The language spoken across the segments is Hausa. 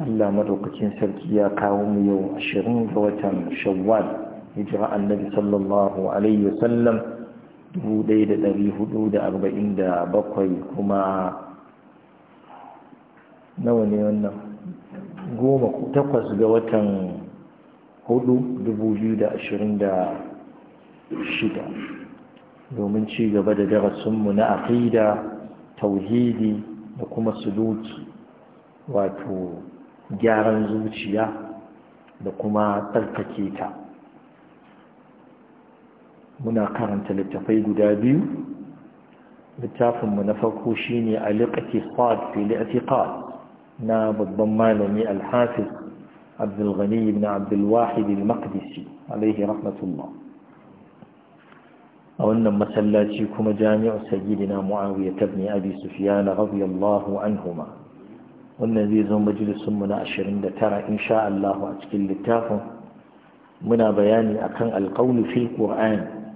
Allah madaukakin sarki ya kawo mu yau ashirin ga watan shawwal hijira annabi sallallahu alaihi wasallam 1447 kuma nawa ne wannan goma takwas ga watan hudu 2026 domin ci gaba da darasinmu na aqida tauhidi da kuma suluki wato gyaran zuciya da kuma tsarkake ta muna karanta littafai guda biyu littafinmu na farko shine al-iqtisad fili a itiqad na babban malami al-hafiz Abdul Ghani ibn Abdul al-Maqdisi alayhi rahmatullah a wannan masallaci kuma jami'u sayyidina Muawiya ibn Abi Sufyan radiyallahu anhuma wannan zai zo majalisunmu na 29 insha Allah a cikin littafin muna bayani akan alƙaunu fil qur'an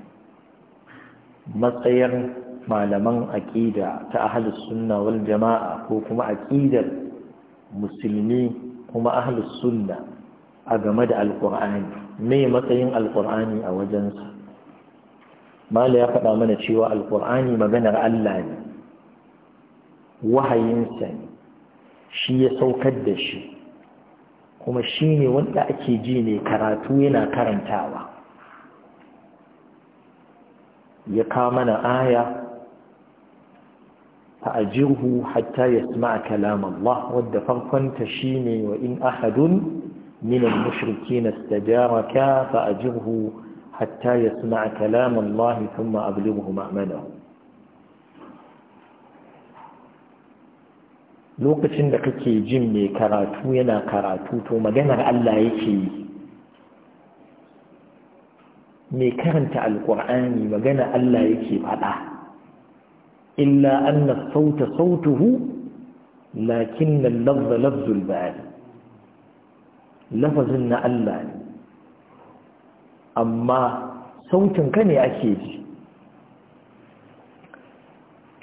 matsayar malaman aƙida ta ahlus sunna wal jama'a ko kuma aƙidar musulmi kuma ahlus sunna a game da alƙur'ani me matsayin alƙur'ani a wajensa mala ya faɗa mana cewa alƙur'ani maganar Allah ne wahayinsa ne shi ya saukar da shi kuma shi ne wanda ake ji ne karatu yana karantawa ya na aya fa'ajirhu hatta yasma'a kalam Allah wadda farkonta shine wa in ahadun min al-mushrikeena istajaraka fa'ajirhu hatta yasma'a kalam Allah thumma ablighu ma'manahu lokacin da kake jin mai karatu yana karatu to maganar Allah yake yi mai karanta alkur'ani maganar Allah yake faɗa illa anna sauta sautuhu lakinna lafza lafzul bari lafazin na Allah ne amma sautin ka ne ake ji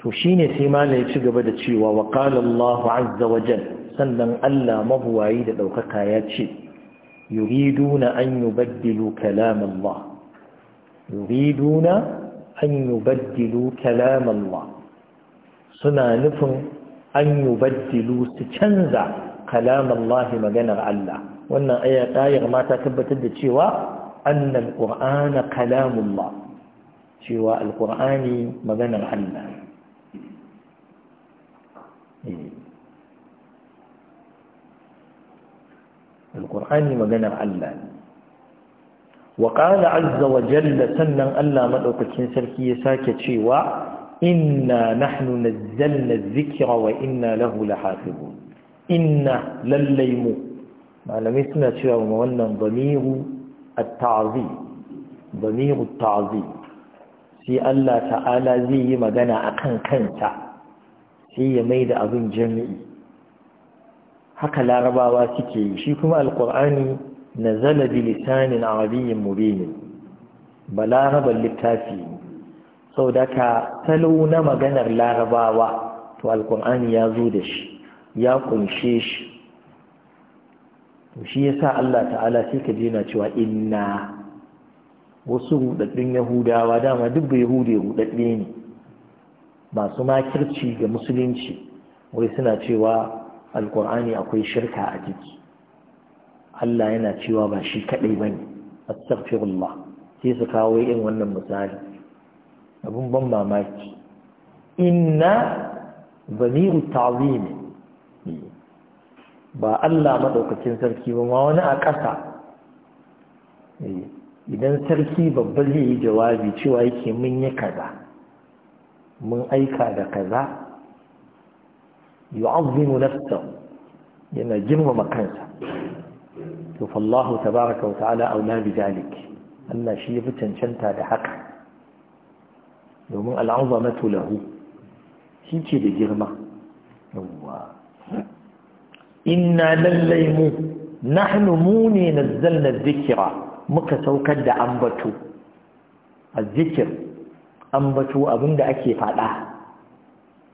to shine sai mala ya ci gaba da cewa wa qala sannan Allah mabuwayi da ɗaukaka ya ce yuriduna an baddilu kalam Allah yuriduna an yubaddilu kalam Allah suna nufin an baddilu su canza kalam maganar Allah wannan aya ayar ma ta tabbatar da cewa annal qur'ana kalamullah cewa alqur'ani maganar Allah Hmm. alƙur'ani maganar Allah ne wa ƙala azza wa jalla sannan Allah maɗaukacin sarki ya sake cewa inna nahnu nazzalna dhikra wa inna lahu lahafizun inna lallai mu malamai suna cewa ma wannan damiru at-ta'zi tazi sai Allah ta'ala zai yi magana akan kansa sai ya mai da abin jami'i haka larabawa suke yi shi kuma alkur'ani na zalabi lisanin arabiyyin mubinin ba larabar littafi sau da ka talo na maganar larabawa to alkur'ani ya zo da shi ya kunshe shi shi ya sa Allah ta'ala sai ka jina cewa inna wasu rudaddun yahudawa dama duk bai ya rudadde ne masu makirci ga musulunci wai suna cewa alkur'ani akwai shirka a jiki Allah yana cewa ba shi kaɗai ba ne astaghfirullah sai su kawo irin wannan misali abin ban mamaki inna zamiru ta'zim ba Allah madaukakin sarki ba ma wani a ƙasa eh, idan sarki babba zai yi jawabi cewa yake mun yi kaza mun aika da kaza yu'azzimu nafsahu yana girmama kansa to fallahu tabaraka wa ta'ala aula bi zalik Allah shi yafi cancanta da haka domin al'azamatu lahu shi ke da girma yawwa inna lallai mu nahnu mu ne nazzalna dhikra muka saukar da ambato zikir. Ambatu abinda ake faɗa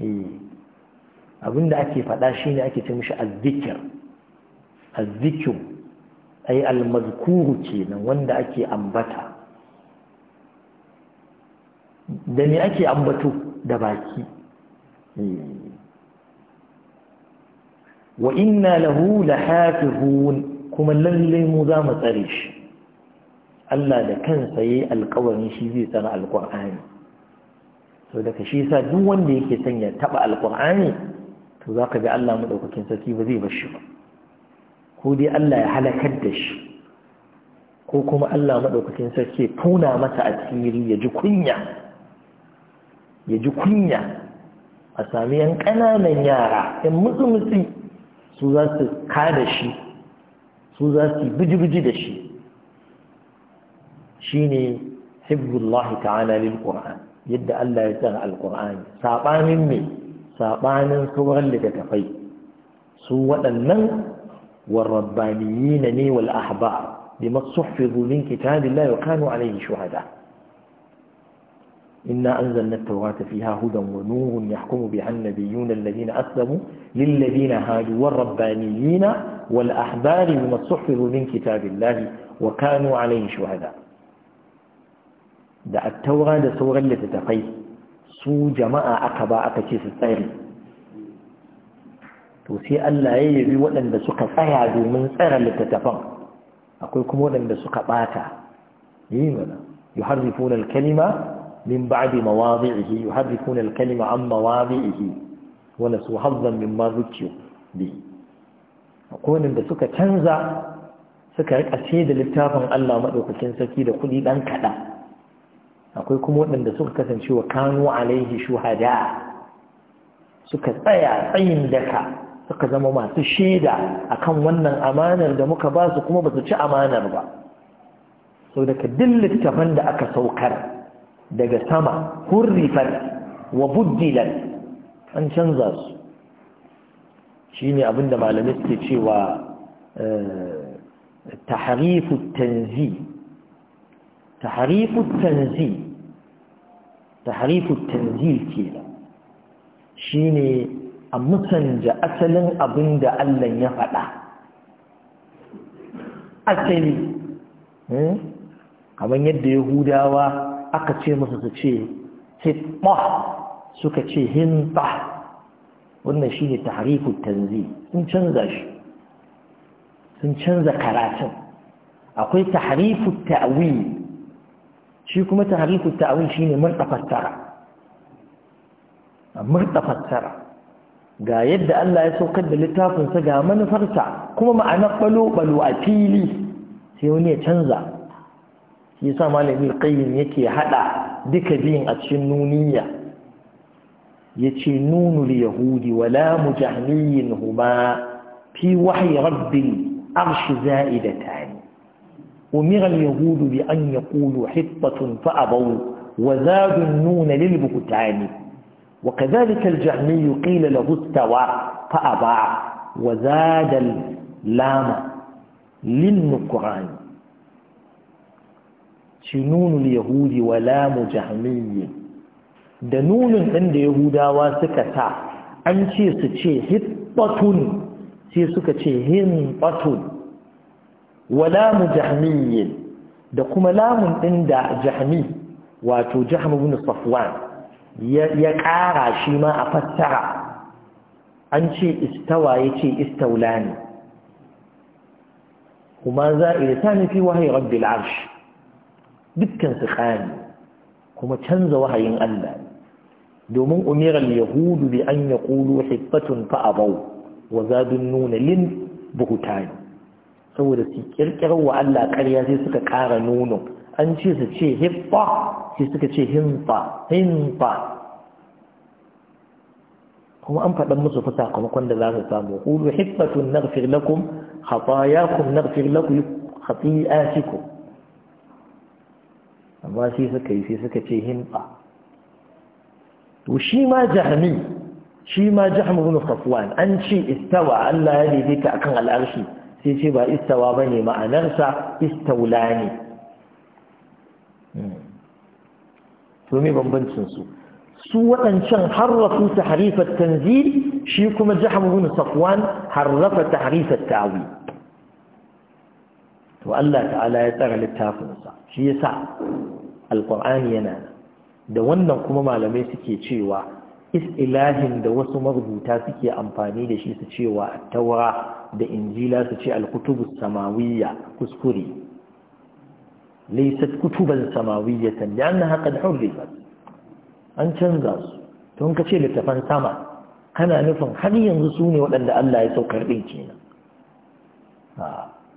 eh, abinda ake faɗa shine ake ce mishi azzikir azzikir ai almazkuru kenan wanda ake ambata da me ake ambato da baki eh. wa inna lahu lahafizun kuma lallai mu za mu tsare shi Allah da kansa yi alƙawarin shi zai tsara alƙur'ani so daga shi yasa duk wanda yake son ya taba alkur'ani to zaka ga Allah maɗaukakin sarki ba zai bar shi ba ko dai Allah ya halakar da shi ko kuma Allah maɗaukakin sarki tuna masa asiri ya ji kunya ya ji kunya a sami yan ƙananan yara yan mutsumutsi su za su ka da shi su za su biji-biji da shi shi ne hibbullahi ta'ala lil ƙura'an yadda Allah ya tsara alkur'ani saɓanin me saɓanin sauran littattafai su waɗannan والربانيين ني والأحبار بما صحفظوا من كتاب الله وكانوا عليه شهداء إنا أنزلنا التوراة فيها هدى ونور يحكم بها النبيون الذين أسلموا للذين هادوا والربانيين والأحبار بما صحفظوا من كتاب الله وكانوا عليه شهداء da attaura da sauran littattafai su jama'a aka ba aka ce su tsari to sai Allah ya yabi waɗanda suka tsaya domin tsara littattafan akwai kuma waɗanda suka ɓata yi mana yuharrifuna al-kalima min ba'di mawadhi'ihi yuharrifuna al-kalima an mawadhi'ihi wa su hazzan mimma zukiyu bi akwai waɗanda suka canza suka rika ce da littafin Allah madaukakin saki da kuɗi ɗan kaɗan akwai kuma waɗanda suka kasance wa kanu alaihi shuhada suka tsaya tsayin daka suka zama masu shaida akan wannan amanar da muka ba su kuma ba su ci amanar ba sau daga duk da aka saukar daga sama hurrifar wa buddilan an canza su shine abinda malamai suke cewa eh, tahrifu tanzi تحريف التنزيل تحريف التنزيل كيلا شيني أمسنج أسلا أبند ألا يفعل أسلي كما يد يهوداوا أكتشي مسسكشي ستة سكتشي هنطة wannan shi ne taharifu tanzi sun canza shi sun canza karatun akwai taharifu ta'wil shi kuma tahrifu ta'awil shine murda fassara murda ga yadda Allah ya saukar da littafinsa ga manufarsa kuma ma'anar balo balo a fili sai wani ya canza shi yasa malami qayyim yake haɗa duka biyun a cikin nuniya yace nunul yahudi wala mujahmiyin huma fi wahyi rabbil da tari. أمر اليهود بأن يقولوا حطة فأبوا وزادوا النون للبكتان وكذلك الجهمي قيل له استوى فأبى وزاد اللام للنكران شنون اليهود ولام جهمي da nunin ɗin da yahudawa suka sa an ce su ce hibbatun sai suka ce himbatun wa lamu da kuma lamun ɗin da jahmi wato jahmi bin safwan ya ƙara shi ma a fassara an ce istawa ya ce istaula ne kuma za a ta nufi wahayi rabbil arsh dukkan su ƙani kuma canza wahayin Allah domin umirar yahudu bi an ya ƙulu hittatun fa'abau wa zadun nuna lin buhutani saboda su kirkirar wa Allah ƙarya sai suka ƙara nono an ce su ce hiffa sai suka ce himfa himfa kuma an faɗan musu fi sakamakon da za su samu na hiffatun naghfir lakum khatayakum naghfir lakum khati'atikum amma sai suka yi sai suka ce himfa to shi ma jahmi shi ma jahmi ibn an ce istawa Allah ya daidaita akan al'arshi sai ce ba istawa ba ne ma'anarsa istaula ne hmm. to bambancinsu su waɗancan harrafu ta harifar tanzil shi kuma jahamun safwan harrafa ta harifar tawi to Allah ta'ala ya tsara littafinsa shi ya sa alƙur'ani yana da wannan kuma malamai suke cewa is ilahin da wasu marubuta suke amfani da shi su cewa taura da injila su ce alkutubu samawiyya kuskure laysat kutuban samawiyyatan da annaha qad hurrifat an canza su to ka ce littafan sama kana nufin har yanzu su ne waɗanda Allah ya saukar ɗin kenan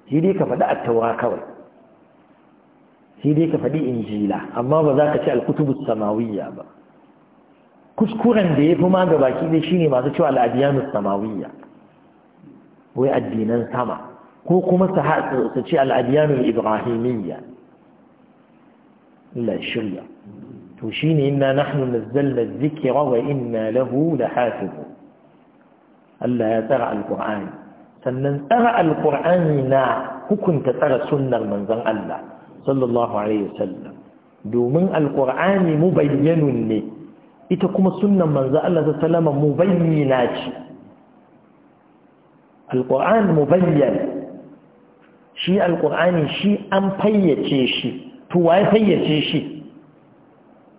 shi dai ka faɗi attawa kawai shi dai ka faɗi injila amma ba za ka ce alkutubu samawiyya ba kuskuren da ya fi ma ga baki dai shine masu cewa al'adiyanu samawiyya wai addinan sama ko kuma su ce al'adiyanul ibrahimiyya la shirya to shi ne ina nahnu nazzalna zikira wa inna lahu da hafizu Allah ya tsara alur'ani sannan tsara alƙur'ani na hukunta tsara sunnar manzan Allah sallallahu alaihi wasallam domin alƙur'ani mubayyanun ne ita kuma sunnar manzan Allah sallallahu alaihi mubayyana ce alƙur'an mubayyan shi alƙur'ani shi an fayyace shi to fayyace shi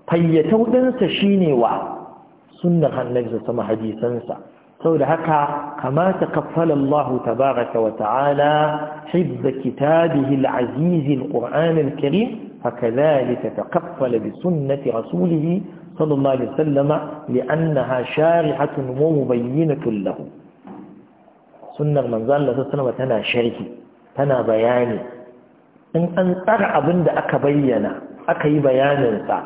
fayyatau ɗinsa shine wa sunnar annabi sama hadisansa saboda haka kamata ta kaffala Allah tabaraka wa ta'ala hibba kitabihi al-aziz al-qur'an al-karim hakadhalika taqaffala bi sunnati rasulih sallallahu alaihi wasallam li'annaha sharihatun wa mubayyinatun lahu sunnar manzo Allah sallallahu tana sharhi tana bayani in an tsara abin da aka bayyana aka yi bayanin sa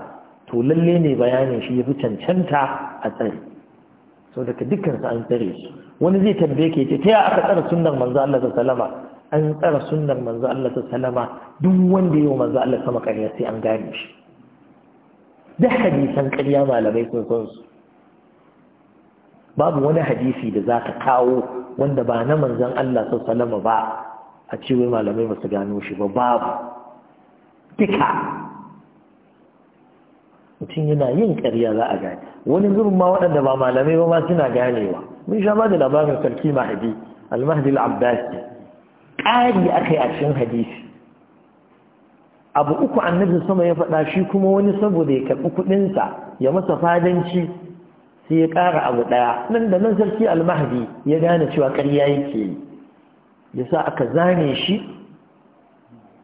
to lalle ne bayanin shi yafi cancanta a tsare so daga dukkan sa an tsare shi wani zai tambaye ke ce ta ya aka tsara sunnar manzo Allah sallallahu an tsara sunnar manzo Allah sallallahu duk wanda yau manzo Allah sama sai an gane shi duk hadisan karya malamai sun san su babu wani hadisi da za ka kawo wanda ba na manzan Allah sau salama ba a cewa malamai ba su gano shi ba babu duka mutum yana yin ƙarya za a gane wani zurin ma waɗanda ba malamai ba ma suna ganewa mun sha ba da labarin sarki mahadi almahdi al'abbasi ƙari aka yi a cikin hadisi abu uku annabi sama ya faɗa shi kuma wani saboda ya karɓi kuɗinsa ya masa fadanci sai ya ƙara abu ɗaya nan da nan sarki almahdi ya gane cewa ƙarya yake yi ya sa aka zane shi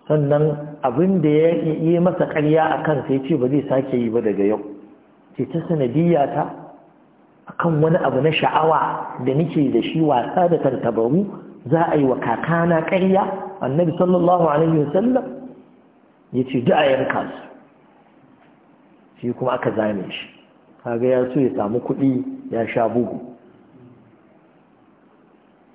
sannan abin da ya yi masa ƙarya a kan sai ce ba zai sake yi ba daga yau ce ta sanadiyya ta akan wani abu na sha'awa da nike da shi wasa da tantabaru za a yi wa kakana ƙarya annabi sallallahu alaihi wasallam ya ce duk a yanka su shi kuma aka zane shi kaga ya so ya samu kuɗi ya sha bugu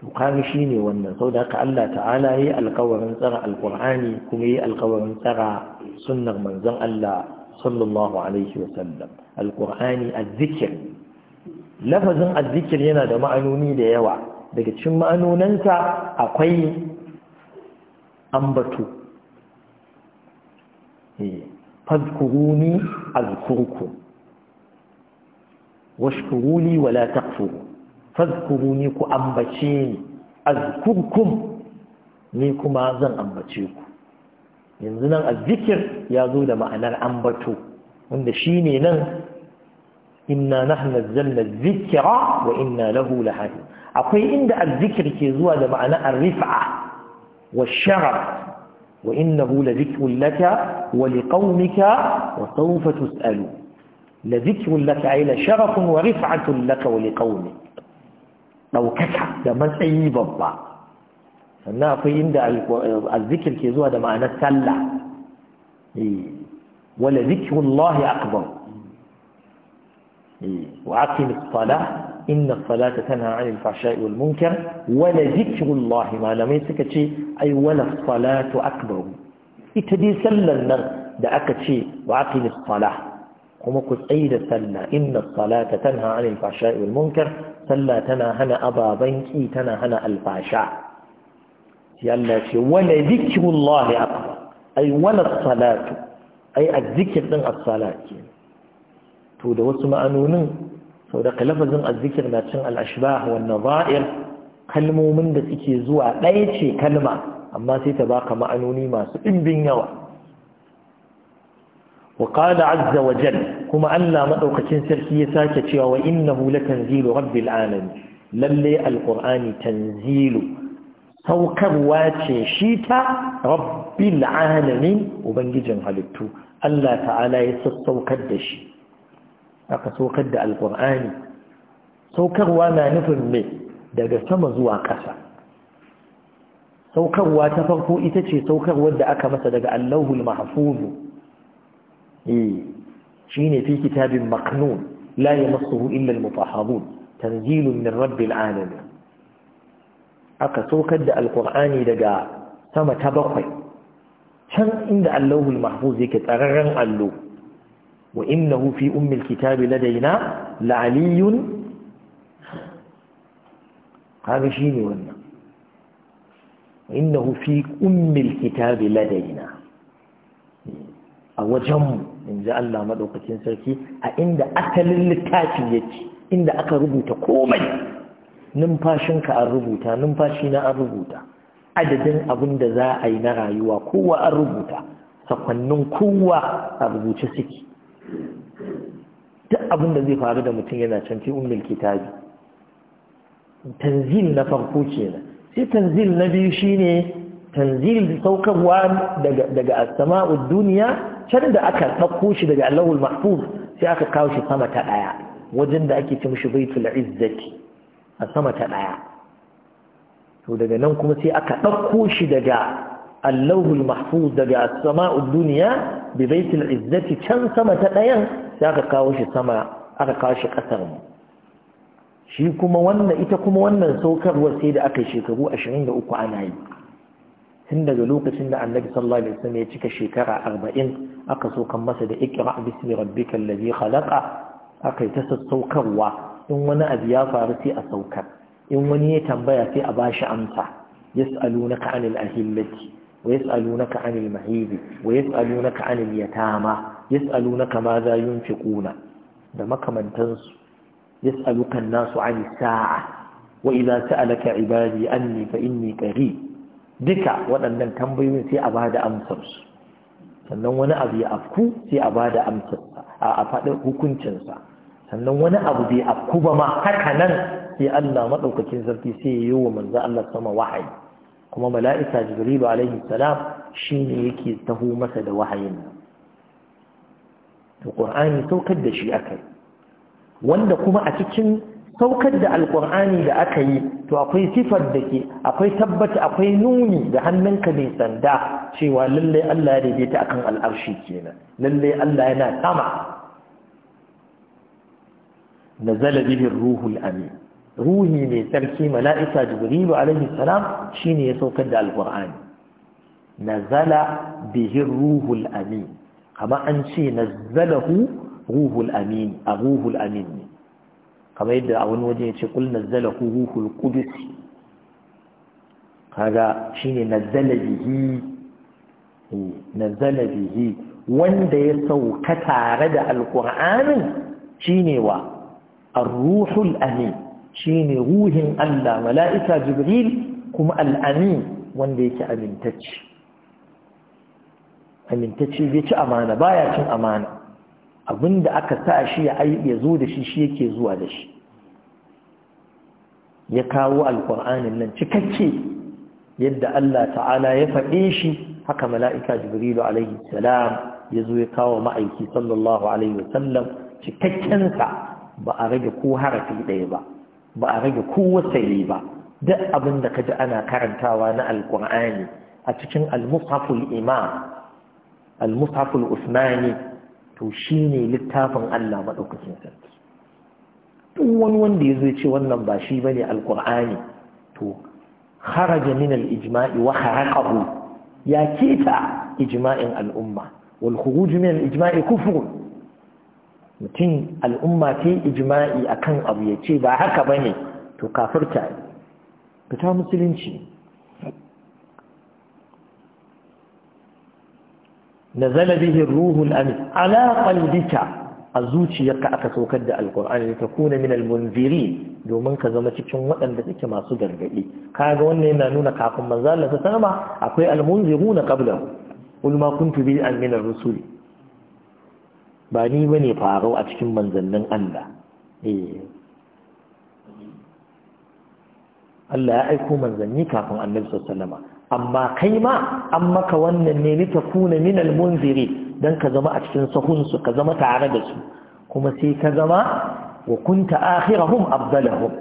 to kaga shi ne wannan Sau da haka Allah ta'ala ya yi alkawarin tsara alkur'ani kuma yi alkawarin tsara sunnar manzon Allah sallallahu alaihi wa sallam. alkur'ani azzikir lafazin azzikir yana da ma'anoni da yawa daga cikin ma'anonansa akwai ambatu eh, fadkuruni azkurkum washkuruli wala taqfu fadhkuruni ku ambace ni azkurkum ni kuma zan ambace ku yanzu nan azzikir ya zo da ma'anar ambato wanda ne nan inna nahnu nazzalna dhikra wa inna lahu lahadi akwai inda azzikir ke zuwa da ma'anar arrifa wa sharaf وإنه لذكر لك wa وسوف تسألون لذكر لك عيل شرف ورفعة لك ولقومك ɗaukaka da matsayi babba sannan akwai inda alzikir ke zuwa da ma'anar sallah wala zikirullahi akbar wa aqim as inna as-salata tana 'anil fahsha'i wal munkar wala zikrullahi malamai suka ce ai wala salatu akbar ita dai sallan nan da aka ce wa aqim as kuma ku tsaida da sallah inna salata tanha anil fahsha'i wal munkar sallah tana hana ababan ki tana hana alfasha sai Allah ce wala zikrullahi akbar ai wala salatu ai azzikir din as to da wasu ma'anonin sau da kalafazin azzikir na cin al-ashbah wa nadha'ir kalmomin da suke zuwa ɗaya ce kalma amma sai ta baka ma'anoni masu ɗimbin yawa وقال عز وجل كما أن مدوكتين سركية ساكتشي وإنه لتنزيل رب العالمين للي القرآن تنزيل سوكروا تشيتا رب العالمين وبنجي هلتو الله تعالى يسسو كدشي أقسو كد القرآن سوكروا ما نفهم مي daga sama zuwa ƙasa saukarwa ta farko ita ce saukarwar da aka masa daga allahul mahfuzu shine fi kitabin maknun la yamassuhu illa al-mutahharun tanzilun min rabbil aka saukar da alqur'ani daga sama ta bakwai can inda allahul mahfuz yake tsararren allo wa innahu fi ummil kitabi ladaina la'aliyun kaga shine wannan innahu fi a wajenmu in ji Allah maɗaukacin sarki a inda asalin littafi yake inda aka rubuta komai numfashinka an rubuta numfashina an rubuta adadin abin da za a yi na rayuwa kowa an rubuta sakwannin kowa a rubuce suke duk abin da zai faru da mutum yana can fi ummul kitabi tanzil na farko kenan sai tanzil na biyu shine tanzil saukarwa daga daga duniya can da aka ɗauko shi daga allahul mahfuz sai aka kawo shi sama ta ɗaya wajen da ake ce mishi baitul izzati a sama ta ɗaya to daga nan kuma sai aka ɗauko shi daga allahul mahfuz daga sama'ud duniya bi baitul izzati can sama ta ɗayan sai aka kawo shi sama aka kawo shi ƙasar mu shi kuma wannan ita kuma wannan saukarwar sai da aka shekaru 23 ana yi tun daga lokacin da annabi sallallahu alaihi wasallam ya cika shekara arba'in aka kan masa da ikra bismi rabbikal ladhi khalaqa aka ta sassaukarwa in wani abu ya faru sai a saukar in wani ya tambaya sai a bashi amsa yas'alunaka anil ahillati wa yas'alunaka anil mahidi wa yas'alunaka anil yatama yas'alunaka ma za yunfiquna da makamantansu yas'aluka an-nasu 'anis sa'a wa idza sa'alaka 'ibadi anni fa inni qarib duka waɗannan tambayoyin sai a bada amsarsu sannan wani abu ya afku sai a bada amsarsa a faɗin hukuncinsa sannan wani abu bai afku ba ma haka nan sai Allah maɗaukakin sarki sai ya yi wa manzo Allah sama wahayi kuma mala'ika jibrilu alaihi salam shine yake taho masa da wahayin nan to qur'ani saukar da shi akai wanda kuma a cikin saukar da alkur'ani da aka yi to akwai sifar da ke akwai tabbata akwai nuni da hannunka mai sanda cewa lallai Allah ya daidaita akan al'arshi kenan lallai Allah yana sama nazala bihi ruhul amin ruhi mai sarki mala'isa jibrilu alaihi salam shine ya saukar da alkur'ani nazala bihin ruhul amin kama an ce nazalahu ruhul amin a ruhul amin ne kamar yadda a wani waje ya ce kul nazzala ruhul qudus kaga shine nazzala bihi eh, nazzala bihi wanda ya sauka tare da alqur'anin shine wa ar-ruhul amin shine ruhin Allah mala'ika jibril kuma al-amin wanda yake amintacce amintacce bai ci amana baya cin amana abinda aka sa shi ya zo da shi shi yake zuwa da shi ya kawo alƙur'anin nan cikakke yadda Allah ta'ala ya faɗe shi haka mala'ika jibrilu alaihi salam ya zo ya kawo ma'aiki sallallahu alaihi Cikakken cikakkensa ba a rage ko harafi ɗaya ba ba a rage ko wasali ba duk abin da ka ji ana karantawa na alƙur'ani a cikin al-mushaful imam al-mushaful usmani to shi ne littafin Allah maɗaukacin sarki duk wani wanda ya zai ce wannan ba shi ba ne alƙur'ani to haraja min al-ijma'i wa haraqahu ya keta ijma'in al'umma wal khuruj min al-ijma'i kufr mutum al'umma ta ijma'i akan abu ya ce ba haka bane to kafirta fita musulunci nazala ruhu ruhul amin ala qalbika a zuciyarka aka saukar da alqur'ani ta kuna min almunzirin domin ka zama cikin waɗanda suke masu gargadi ga wannan yana nuna kafin manzo Allah ta sama akwai almunziruna na qul ma kuntu bi an min ar ba ni bane farau a cikin manzannin Allah eh. Allah ya aiko manzanni kafin Annabi sallallahu alaihi wasallam amma kai ma an maka wannan ne ta kuna min almunziri don ka zama a cikin sahunsu ka zama tare da su kuma sai ka zama wa kunta akhirahum afdalahum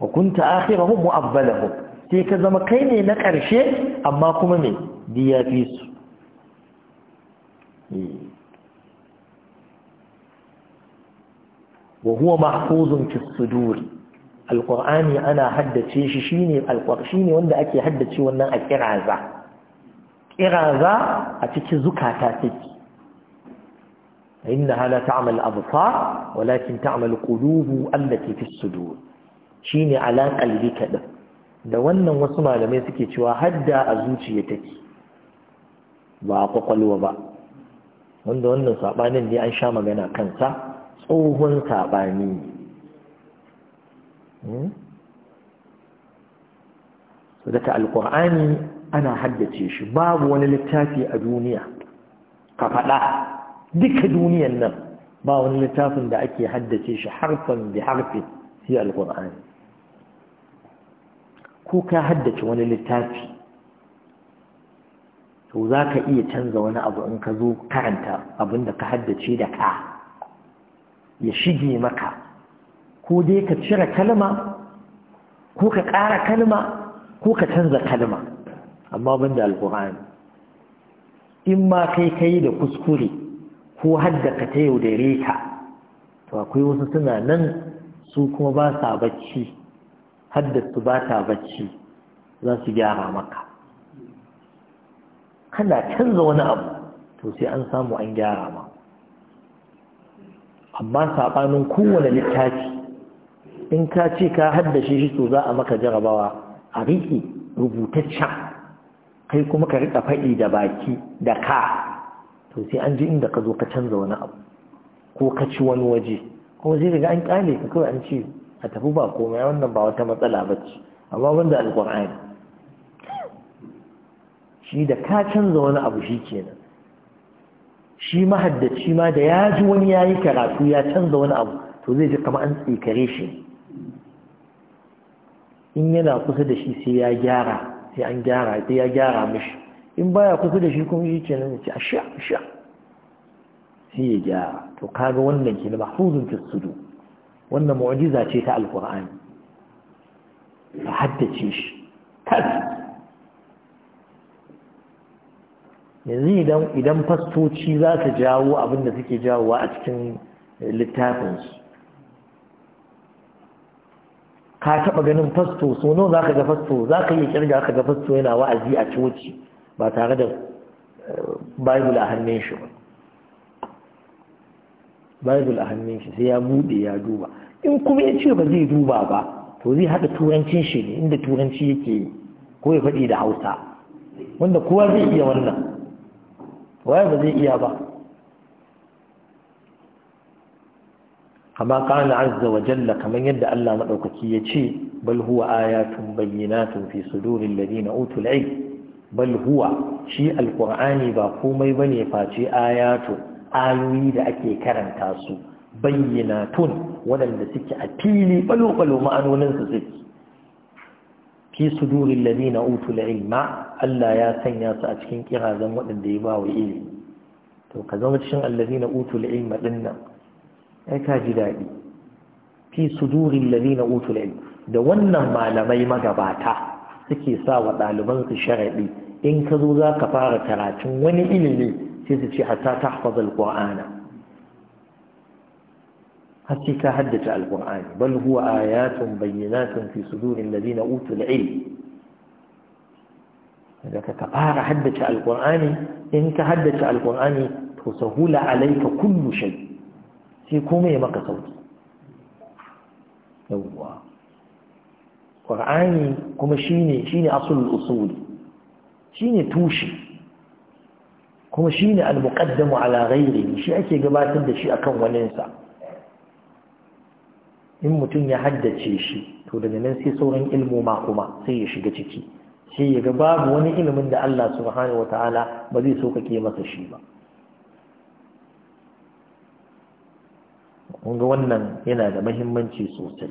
wa kunta akhirahum wa afdalahum sai ka zama kai ne na ƙarshe, amma kuma me biya fi su eh. wa huwa mahfuzun fi suduri alƙur'ani ana haddace shi shine ne wanda ake haddace wannan a kiraza kiraza a cikin zukata take innaha hala ta'mal absar walakin ta'mal qulubu allati fi duhu. Shi ne qalbika din da wannan wasu malamai suke cewa hadda a zuciya take ba a kwakwalwa ba wanda wannan saɓanin ne an sha magana kansa tsohon saɓani ne Hmm? daga alkur'ani ana haddace shi babu wani littafi a duniya ka faɗa duka duniyan nan ba wani littafin da ake haddace shi harfan da harfi sai alkur'ani ko ka haddace wani littafi to za ka iya canza wani abu in ka zo karanta abin da ka haddace da ka ya shige maka ko dai ka cire kalma ko ka ƙara kalma ko ka canza kalma amma ban da alƙur'ani in ma kai kai da kuskure ko haddaka ta yaudare ka to akwai wasu suna nan su kuma ba sa bacci su ba ta bacci za su gyara maka kana canza wani abu to sai an samu an gyara ma amma saɓanin kowane littafi in ka ce ka haddace shi to za a maka jarabawa a riƙe rubutaccen kai kuma ka riƙa faɗi da baki da ka to sai an ji inda ka zo ka canza wani abu ko ka ci wani waje kuma zai daga an ƙale ka kawai an ce a tafi ba komai wannan ba wata matsala ba ce amma wanda alƙur'ani shi da ka canza wani abu shi kenan shi mahaddaci ma da ya ji wani ya yi karatu ya canza wani abu to zai ji kama an tsikare shi in yana kusa da shi sai ya gyara sai an gyara sai ya gyara mishi in baya kusa da shi kuma yi kenan ya ce a sha sha sai ya gyara to kaga wannan na mahfuzun fi wannan mu'jiza ce ta alqur'ani a haddace shi tas yanzu idan idan fastoci za su jawo abin da suke jawowa a cikin littafinsu ka taɓa ganin fasto so nawa za ka ga fasto za ka iya kirga ka ga fasto yana wa'azi a coci ba tare da eh, bible a hannun shi ba bible a hannun shi sai ya buɗe ya duba in kuma ya ce ba zai duba ba to zai haɗa turancin shi ne inda turanci yake ko ya faɗi da hausa wanda kowa zai iya wannan waye ba zai iya ba kama kana azza wa jalla kamar yadda Allah madaukaki ya ce bal huwa ayatun bayyinatun fi suduril ladina utul ilm bal huwa shi alqur'ani ba komai bane face ayatu ayoyi da ake karanta su bayyinatun waɗanda suke a fili balo-balo ma'anonin su suke fi ladina utul ilma Allah ya sanya su a cikin kirazan waɗanda ya ba wa ilimi to ka zama cikin alladina utul ilma dinnan ai ka ji daɗi fi sudurin lalina utul da wannan malamai magabata suke sa wa ɗalibansu sharaɗi in ka zo za ka fara karatun wani ilimi sai su ce hatta ta hafaza alƙur'ana har ka haddace alƙur'ani bal huwa ayatun bayyinatun fi sudurin lalina utul ilm da ka fara haddace alƙur'ani in ka haddace alƙur'ani to sahula alaika kullu shay sai kuma ya maka sauki yawwa qur'ani kuma shine shine aslul shine tushe kuma shine al-muqaddamu ala shi ake gabatar da shi akan waninsa in mutum ya haddace shi to daga nan sai sauran ilmu ma kuma sai ya shiga ciki sai ya ga babu wani ilimin da Allah subhanahu wataala ba zai sauƙaƙe masa shi ba Mun ga wannan yana da mahimmanci sosai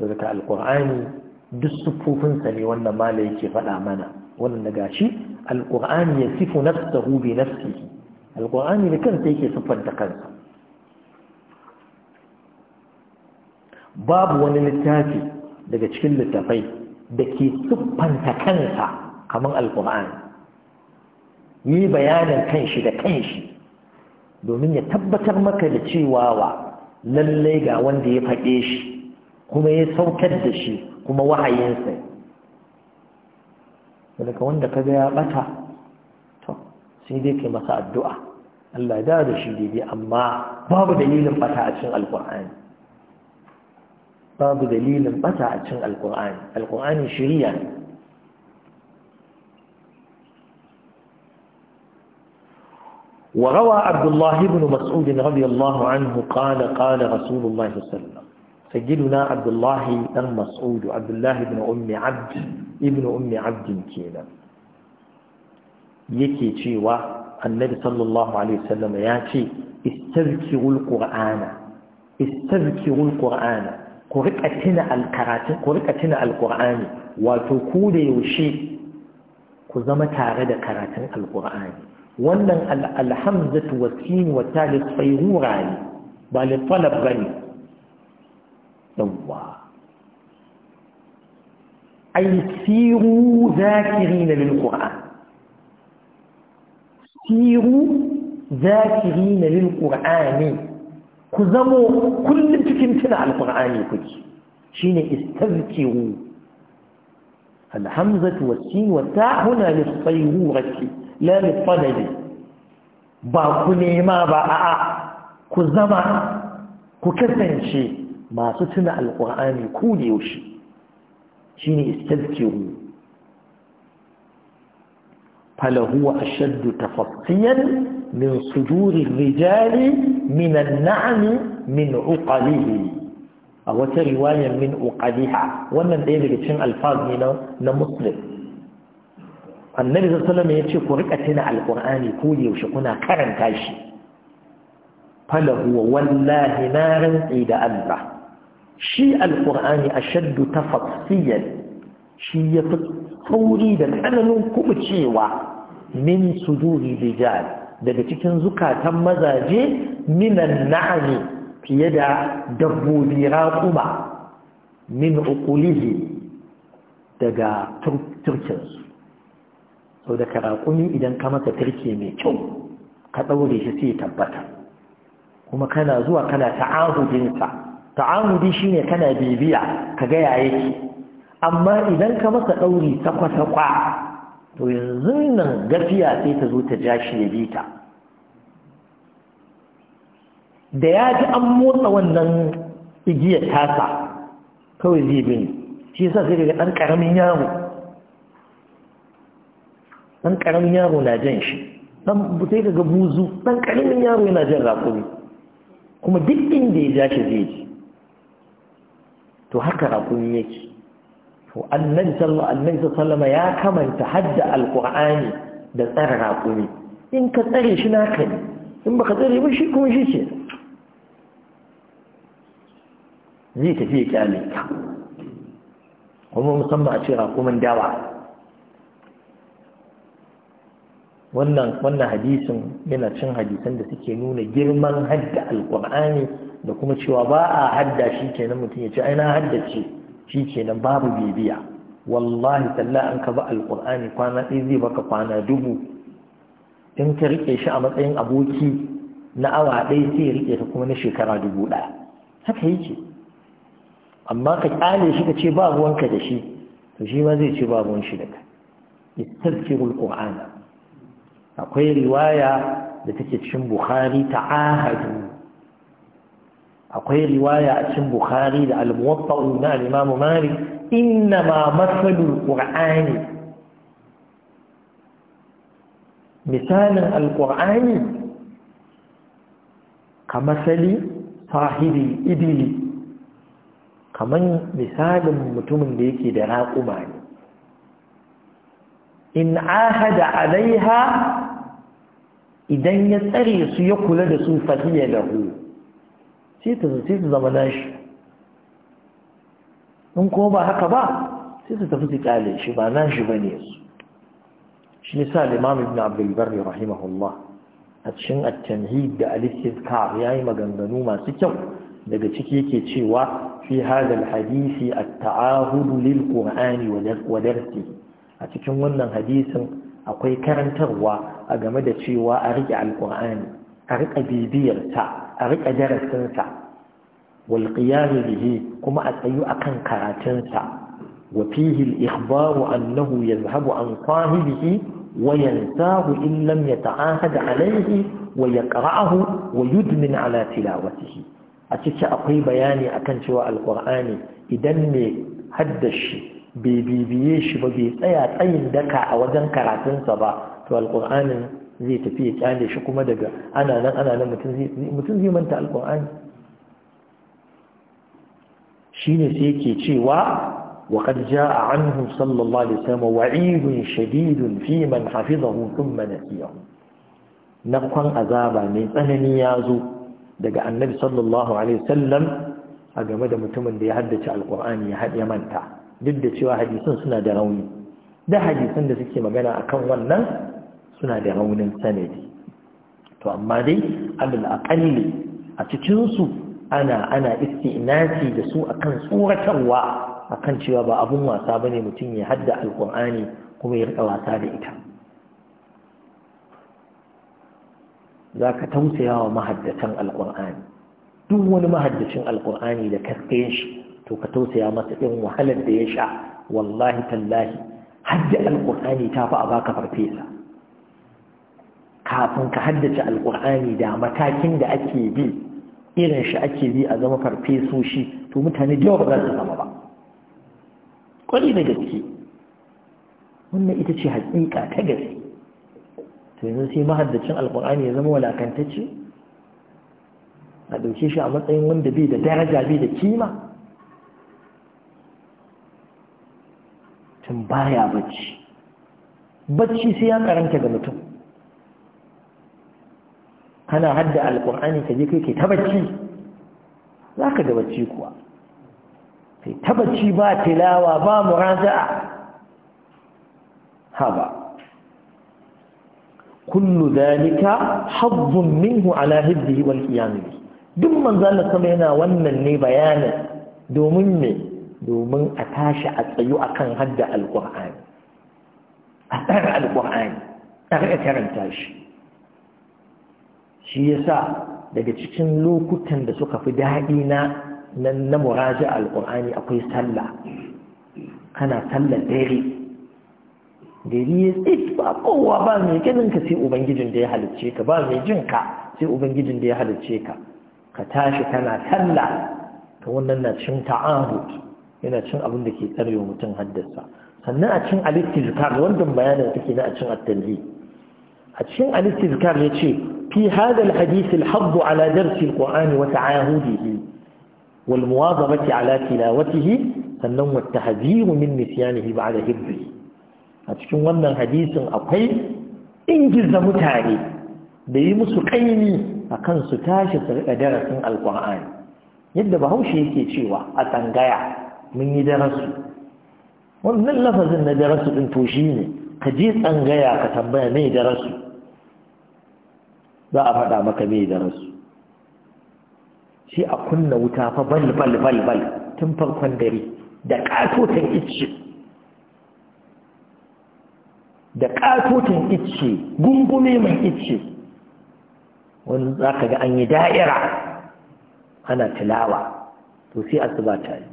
daga alkur'ani duk sufufinsa ne wannan mala yake faɗa mana wannan daga shi alkur'ani ya sifu nafsahu bi nafsihi alkur'ani da kansa yake siffanta kansa babu wani littafi daga cikin littafai da ke siffanta kansa kamar alkur'ani yi bayanin kanshi da kanshi domin ya tabbatar maka da cewa wa lallai ga wanda ya faɗe shi kuma ya saukar da shi kuma wahayinsa daga wanda ka ga ya ɓata to sai dai kai masa addu'a Allah ya da shi daidai amma babu dalilin ɓata a cin alƙur'ani babu dalilin ɓata a cin alƙur'ani alƙur'ani shirya ne وروى عبد الله بن مسعود رضي الله عنه قال قال رسول الله صلى الله عليه وسلم سجلنا عبد الله بن مسعود عبد الله بن أم عبد ابن أم عبد كينا يكي تشيوا النبي صلى الله عليه وسلم ياتي استذكروا القرآن استذكروا القرآن قرئتنا القرآن قرئتنا القرآن وتقول يوشي كزمة تارد قرآن القرآن wannan alhamzatu wasin wa talis fayrura ne ba li talab bane yawwa ay siru zakirina lil qur'an siru zakirina lil qur'ani ku zamo kullum cikin tuna alqur'ani kuke shine istazkiru wasin الحمزة والسين والتاء هنا للصيغورة ladi fọ́lẹ̀lì ba ku nema ba a'a ku zama ku kasance masu tuna alƙur'ani ku da yaushe shi ne istaskiru falahuwa a shaddu ta fafiyar min sujuri rijali minan na'ami min uƙalihi a wata riwayar min uƙaliha wannan ɗaya daga cin alfaz ne na muslim annabi sallallahu ya ce ku rika tuna alqur'ani ko yaushe kuna karanta shi falahu wallahi na rantsi da Allah shi alqur'ani ashaddu tafassiyan shi yafi sauri da tsananin kubucewa min suduri rijal daga cikin zukatan mazaje minan na'ami fiye da dabbobi raƙuma min uqulihi daga turkinsu sau da karakuni idan ka masa tarke mai kyau ka ɗaure shi sai tabbata kuma kana zuwa kana ta'ahudinsa ta'ahudi shi ne kana bibiya ka gaya yake amma idan ka masa ɗauri sakwa-sakwa to yanzu nan gafiya sai ta zo ta ja shi ya bi ta da ya ji an motsa wannan igiyar tasa kawai zai ne shi yasa sai daga ɗan ƙaramin yaro ɗan ƙaramin yaro na jan shi ɗan sai ka ga buzu ɗan ƙaramin yaro yana jan raƙumi kuma duk inda ya ja shi zai ji to haka raƙumi yake to annabi sallallahu alaihi wasallam ya kamanta hadda alqur'ani da tsare raƙumi in ka tsare shi naka ne in baka tsare ba shi kuma shi ce zai tafi ya kyale ka kuma musamman a ce raƙumin dawa wannan wannan hadisin yana cin hadisan da suke nuna girman hadda alkur'ani da kuma cewa ba a hadda shi kenan mutum ya ce ai na haddace shi kenan babu bibiya wallahi talla an ka ba alkur'ani kwana ɗaya zai baka kwana dubu in ka rike shi a matsayin aboki na awa ɗaya sai ya rike ka kuma na shekara dubu ɗaya haka yake amma ka kyale shi ka ce ba ruwanka da shi to shi ma zai ce ba ruwan shi da ka istazkirul qur'ana akwai riwaya da take cikin bukhari ta'ahadu akwai riwaya a cikin bukhari da al-muwatta na al-imam malik inna ma masalul qur'ani misalin al-qur'ani kamasali sahibi ibili kaman misalin mutumin da yake da raƙuma ne in ahada alaiha idan ya tsare su ya kula da su fahiya lahu sai ta sai su zama nashi in ko ba haka ba sai su tafi su shi ba nashi bane su shi yasa Imam Ibn Abdul Barr rahimahullah a cikin at-tanhid da al-istizkar yayi maganganu masu kyau daga ciki yake cewa fi hadha al-hadisi at-ta'ahud lil-Qur'ani wa a cikin wannan hadisin akwai karantarwa a game da cewa a riƙe alƙur'ani a riƙa bibiyarta a riƙa darasinsa walƙiyar bihi kuma a tsayu a kan karatunsa wafihil fihi ikhbaru annahu yazhabu an bihi, wa yansahu in lam ta'ahada alaihi wa ya ƙara'ahu wa yudmin ala tilawatihi a ciki akwai bayani akan cewa alƙur'ani idan ne haddashi bai bibiye shi ba bai tsaya tsayin daka a wajen karatunsa ba to alƙur'anin zai tafi ya kyale shi kuma daga ana nan ana nan mutum zai manta alƙur'ani shi ne sai ke cewa وقد جاء عنه صلى الله عليه وسلم وعيد شديد في من حفظه ثم na kwan عذابا mai tsanani zo daga annabi sallallahu alaihi sallam. a game da mutumin da ya haddace alqur'ani ya manta duk da cewa hadisan suna da rauni da hadisan da suke magana akan wannan suna da raunin sanadi to amma dai alal a cikinsu su ana ana istinasi da su akan tsoratarwa akan cewa ba abun wasa ba ne mutum ya hadda alqur'ani kuma ya rika wasa da ita zaka tausaya wa mahaddatan alqur'ani duk wani mahaddacin alqur'ani da kaskayen shi to ka tausaya masa ɗin wahalar da ya sha wallahi tallahi hadda alƙur'ani ta fi a baka farfesa kafin ka haddace alƙur'ani da matakin da ake bi irin shi ake bi a zama farfesoshi to mutane da yawa ba za su zama ba kwari da gaske wannan ita ce haƙiƙa ta gaske to yanzu sai mahaddacin alƙur'ani ya zama walakantacce a ɗauke shi a matsayin wanda bai da daraja bai da kima mutum baya bacci bacci sai ya karanta ga mutum kana hadda alkur'ani ka je kai ke ta bacci za ka ga bacci kuwa kai ta bacci ba tilawa ba muraja'a haba kullu dalika hazzun minhu ala hibbihi wal qiyam duk manzo Allah sama yana wannan ne bayanin domin me domin a tashi a tsayu a kan hadda alƙur'ani a tsara alƙur'ani tsara karanta shi shi yasa daga cikin lokutan da suka fi daɗi na na muraji alƙur'ani akwai sallah kana sallar dare dare ya tsaye ba kowa ba mai ganin ka sai ubangijin da ya halicce ka ba mai jin ka sai ubangijin da ya halicce ka ka tashi kana sallah ta wannan na cin ta'ahud yana cin abin da ke tsare wa mutum haddasa sannan a cin al-istizkar wannan bayanin da take na a cin at-tanzi a cikin al yace fi hadha al-hadith al-hadd ala darsi al-qur'ani wa ta'ahudihi wal muwazabati ala tilawatihi sannan wa tahzir min nisyanihi ba'da hibbi a cikin wannan hadisin akwai ingiza mutane da yi musu kaini akan su tashi su riƙa darasin alƙur'ani yadda bahaushe yake cewa a tsangaya mun yi darasu wannan lafazin na darasu ɗin to ne ka je tsangaya ka tambaya mai darasu za a faɗa maka bai darasu sai a kunna wuta fa bal bal bal bal tun farkon dare da katotan icce da mai icce wani za ka ga an yi da'ira ana tilawa to sai asuba ta yi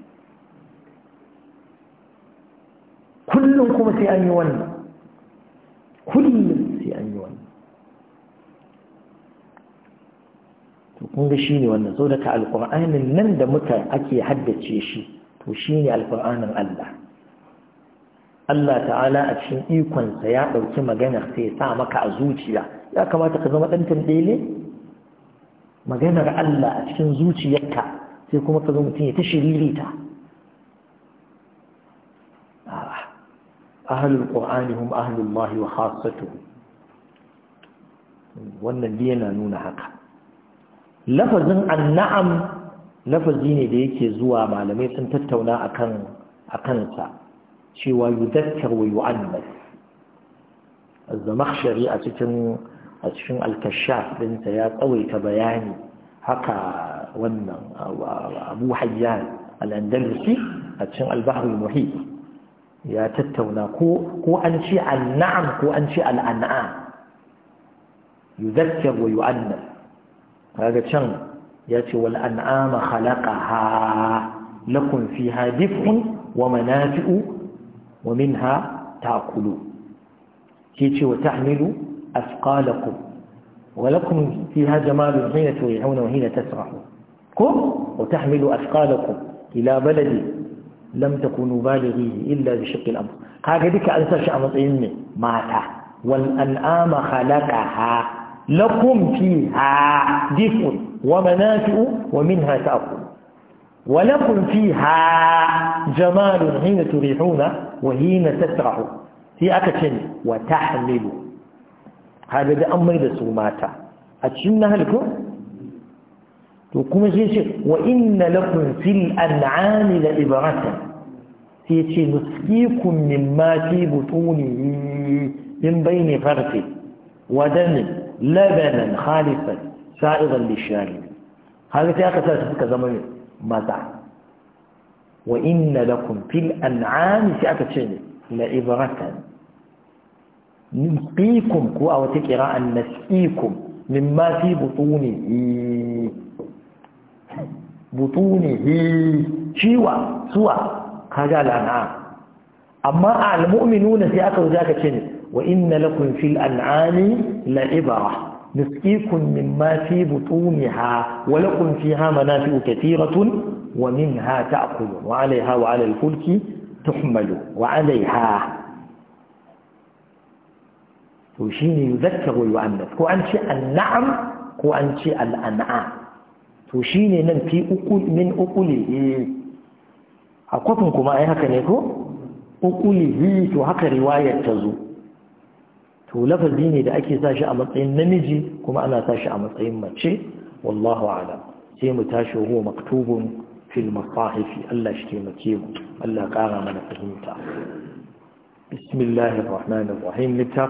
kullum kuma sai an yi wannan kullum sai an yi wannan to kun shi ne wannan sau daga alƙur'anin nan da muka ake haddace shi to shine alƙur'anin Allah Allah ta'ala a cikin ikonsa ya ɗauki maganar sai ya sa maka a zuciya ya kamata ka zama ɗan tambele maganar Allah a cikin zuciyarka sai kuma ka zo mutum ya ta shiririta ahlul qur'ani hum ahlul lahi wa wannan dai yana nuna haka lafazin ann'am lafazi ne da yake zuwa malamai sun tattauna akan akan sa cewa yudakkar wa yu'annas a cikin a cikin al-kashaf ya tsawaita bayani haka wannan abu hayyan al-andalusi a cikin al-bahr ya tattauna ko an ce al-na'am ko an ce al-an'am yuzakkar wa yu'annas kaga can ya ce wal an'ama khalaqaha lakum fiha dif'un wa manafi'u wa minha ta'kulu ke ce wa tahmilu asqalakum wa lakum fiha jamalun hina turihuna wa hina tasrahun ko wa tahmilu asqalakum ila baladi لم تكونوا بالغين إلا بشق الأمر هكذا كأنسرش أمر إني ماتا والأنآم خلقها لكم فيها دفء ومنافع ومنها تأكل ولكم فيها جمال حين تريحون وحين تسرحوا في أكتن وتحمل هذا أمر سوماتا أتشنها لكم وكمشيش وإن لكم في الأنعام لإبرة يتي نسقيكم مما في بطونه من بين فرث ودم لبنا خالصا سائغا للشارب هذا في آخر ثلاثة فكرة زمانية مزع وإن لكم في الأنعام في آخر شيء لإبرة نسقيكم كو أو تكرا أن نسقيكم مما في بطونه butunihi ciwa suwa kaga al'an'am amma al المؤمنون في aka ruja الشيء وان لكم في الانعام لعبره نسقيكم مما في بطونها ولكم فيها منافع كثيرة ومنها تاكل وعليها وعلى الفلك تحمل وعليها وشين يذكر ويؤنث كو أنشي النعم كو أنشي الأنعام to shi ne nan fi min e? a kwafin kuma ai haka ne ko ukulihi eh, to haka riwayar ta zo to lafazi ne da ake sa shi a matsayin namiji kuma ana sa shi a matsayin mace wallahu ala sai mu tashi ruwa maktubun fil masahifi Allah shi taimake mu Allah kara mana fahimta bismillahir rahmanir rahim